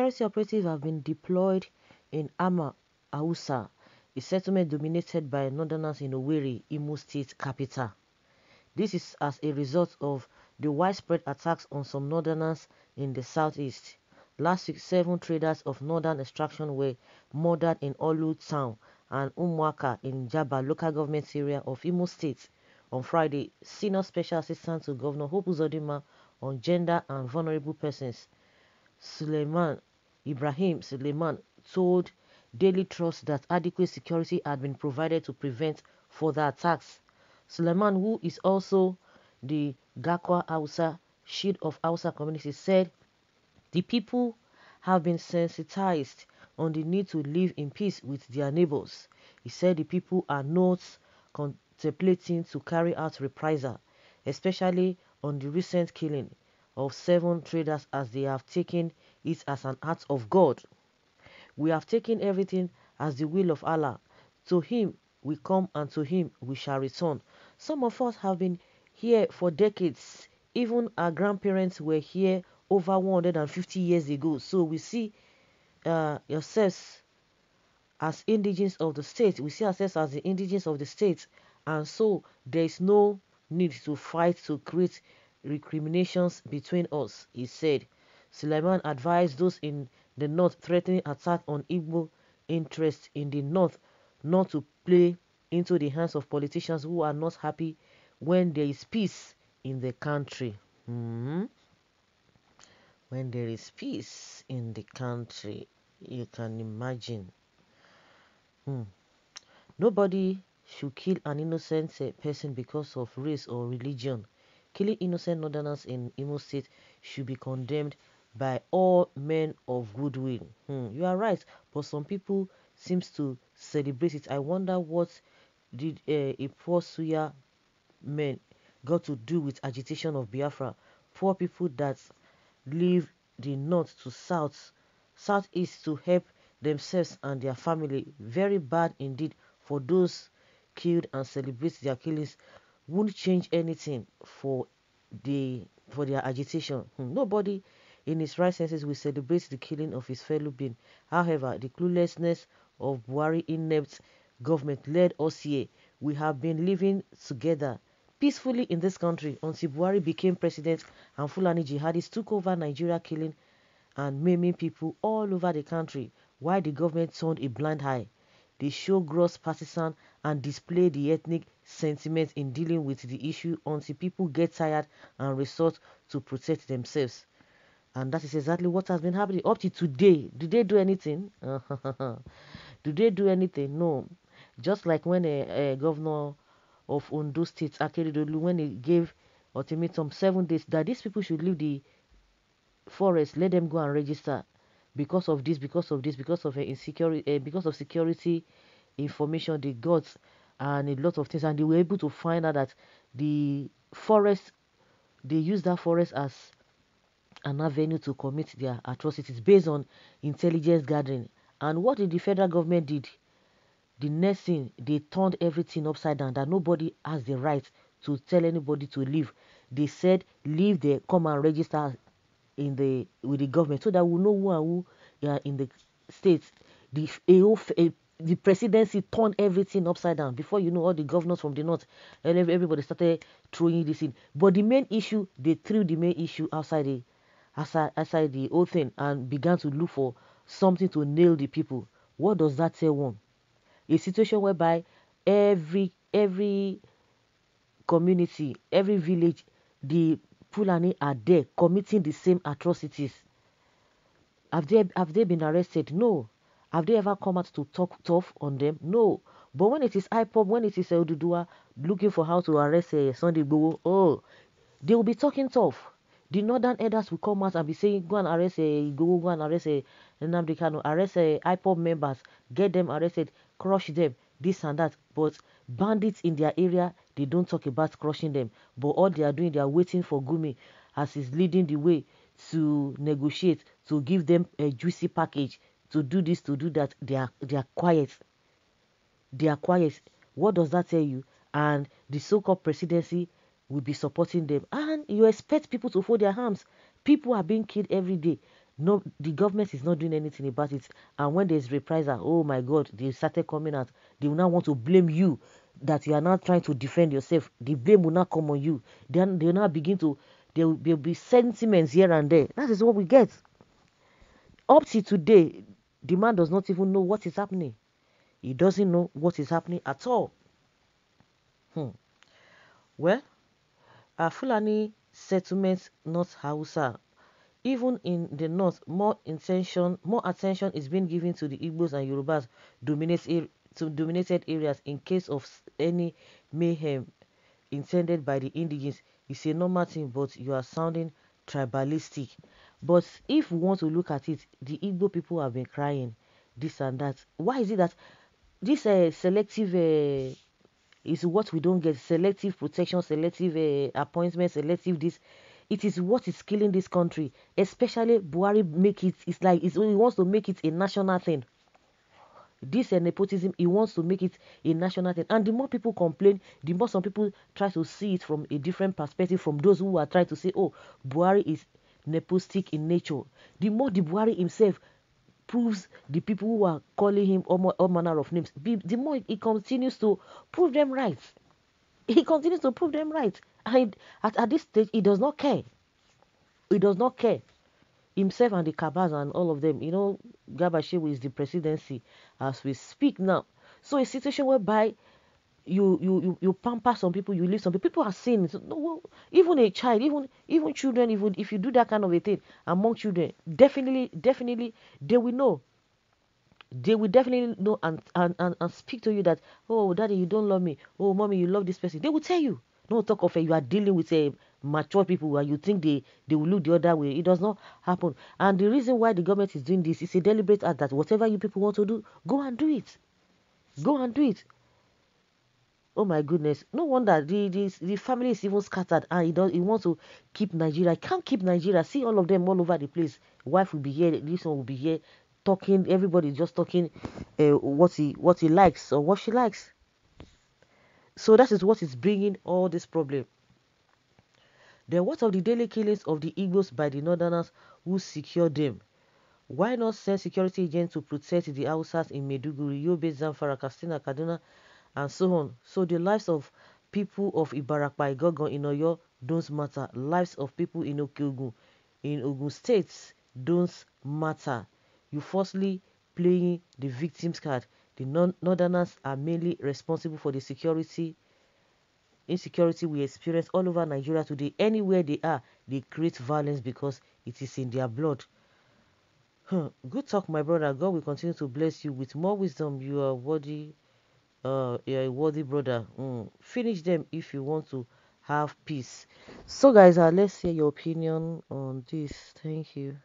Security operatives have been deployed in Ama Ausa, a settlement dominated by northerners in Owerri, Imo state capital. This is as a result of the widespread attacks on some northerners in the southeast. Last week, seven traders of northern extraction were murdered in Olu town and Umwaka in Jaba local government area of Imo state. On Friday, senior special assistant to Governor Hope Uzodima on gender and vulnerable persons, Suleiman Ibrahim Suleiman told Daily Trust that adequate security had been provided to prevent further attacks. Suleiman, who is also the Gakwa Hausa Shield of Hausa community, said the people have been sensitized on the need to live in peace with their neighbors. He said the people are not contemplating to carry out reprisal, especially on the recent killing of seven traders as they have taken it as an act of God. We have taken everything as the will of Allah. To Him we come and to Him we shall return. Some of us have been here for decades. Even our grandparents were here over 150 years ago. So we see uh, yourselves as indigents of the state. We see ourselves as the indigents of the state. And so there is no need to fight to create recriminations between us, he said. Suleiman advised those in the north threatening attack on Igbo interests in the north not to play into the hands of politicians who are not happy when there is peace in the country. Mm-hmm. When there is peace in the country, you can imagine. Mm. Nobody should kill an innocent eh, person because of race or religion. Killing innocent northerners in Imo State should be condemned by all men of goodwill. Hmm, you are right, but some people seems to celebrate it. I wonder what did uh, eh, a poor Suya man got to do with agitation of Biafra? Poor people that leave the north to south, southeast to help themselves and their family. Very bad indeed for those killed and celebrate their killings won't change anything for the for their agitation. Hmm, nobody in his right senses will celebrate the killing of his fellow being. However, the cluelessness of Buhari inept government led OCA. We have been living together peacefully in this country until Buhari became president and Fulani jihadists took over Nigeria killing and maiming people all over the country while the government turned a blind eye. They show gross partisan and display the ethnic sentiment in dealing with the issue until people get tired and resort to protect themselves. And that is exactly what has been happening up to today. Do they do anything? do they do anything? No. Just like when a, uh, a uh, governor of Ondo State, Akeredolu, when he gave ultimatum seven days that these people should leave the forest, let them go and register because of this, because of this, because of uh, insecurity, because of security information they got and a lot of things. And they were able to find out that the forest, they used that forest as an avenue to commit their atrocities based on intelligence gathering. And what did the federal government did? The next thing, they turned everything upside down that nobody has the right to tell anybody to leave. They said, leave the come and register in the with the government so that we know who and who are in the states. The a, a the presidency turned everything upside down. Before you know, all the governors from the north and everybody started throwing this in. But the main issue, they threw the main issue outside the outside, outside the whole thing and began to look for something to nail the people. What does that tell one? A situation whereby every every community, every village, the Fulani are there committing the same atrocities. Have they have they been arrested? No, have they ever come out to talk tough on them? No. But when it is IPOP, when it is Eldudua looking for how to arrest a eh, Sunday boy, oh, they will be talking tough. The northern elders will come out and be saying, go and arrest a eh, go and arrest a eh, Nnamdi arrest a IPOP members, get them arrested, crush them, this and that. But bandits in their area, they don't talk about crushing them. But all they are doing, they are waiting for Gumi as he's leading the way to negotiate, to give them a juicy package to do this, to do that. They are they are quiet. They are quiet. What does that tell you? And the so-called presidency will be supporting them. And you expect people to fold their arms. People are being killed every day. No, the government is not doing anything about it. And when there's reprisal, oh my God, they started coming out. They will now want to blame you that you are not trying to defend yourself. The blame will not come on you. Then they will now begin to, there will, there will be sentiments here and there. That is what we get. Up to today, the man does not even know what is happening. He doesn't know what is happening at all. Hmm. Well, a Fulani settlements, not Hausa. Even in the north, more intention, more attention is being given to the Igbos and Yorubas to dominated areas in case of any mayhem intended by the indigenes. It's a normal thing, but you are sounding tribalistic. But if we want to look at it, the Igbo people have been crying this and that. Why is it that this uh, selective uh, is what we don't get selective protection, selective uh, appointment, selective this? It is what is killing this country, especially Buhari. Make it, it's like it's, he wants to make it a national thing. This uh, nepotism, he wants to make it a national thing. And the more people complain, the more some people try to see it from a different perspective from those who are trying to say, oh, Buhari is nepotistic in nature, the more the Buhari himself proves the people who are calling him all, all manner of names, the more he continues to prove them right. He continues to prove them right. And at, at this stage, he does not care. He does not care. Himself and the Kabaz and all of them, you know, Gabashew is the presidency as we speak now. So a situation whereby you you you, you pamper some people, you leave some people. People are seeing. no, even a child, even even children, even if you do that kind of a thing among children, definitely, definitely they will know. They will definitely know and, and, and, and speak to you that, oh daddy, you don't love me. Oh mommy, you love this person. They will tell you. No talk of it. You are dealing with a eh, mature people where you think they, they will look the other way. It does not happen. And the reason why the government is doing this is a deliberate act that whatever you people want to do, go and do it. Go and do it. Oh my goodness. No wonder the, the, the family is even scattered and ah, he, does, he wants to keep Nigeria. He can't keep Nigeria. See all of them all over the place. Wife will be here, this one will be here, talking. Everybody just talking uh, what, he, what he likes or what she likes. So that is what is bringing all this problem. Then what of the daily killings of the Igbos by the Northerners who secure them? Why not send security agents to protect the Hausas in Meduguri, Yobe, Zamfara, Katsina, Kaduna, and so on. So the lives of people of Ibarapa, Igogon, in Oyo don't matter. Lives of people in Okiogun, in Ogun states don't matter. You falsely playing the victim's card. The northerners are mainly responsible for the security insecurity we experience all over Nigeria today. Anywhere they are, they create violence because it is in their blood. Hmm, good talk, my brother. God will continue to bless you with more wisdom. You are worthy uh, you're a worthy brother. Mm. Finish them if you want to have peace. So, guys, uh, let's hear your opinion on this. Thank you.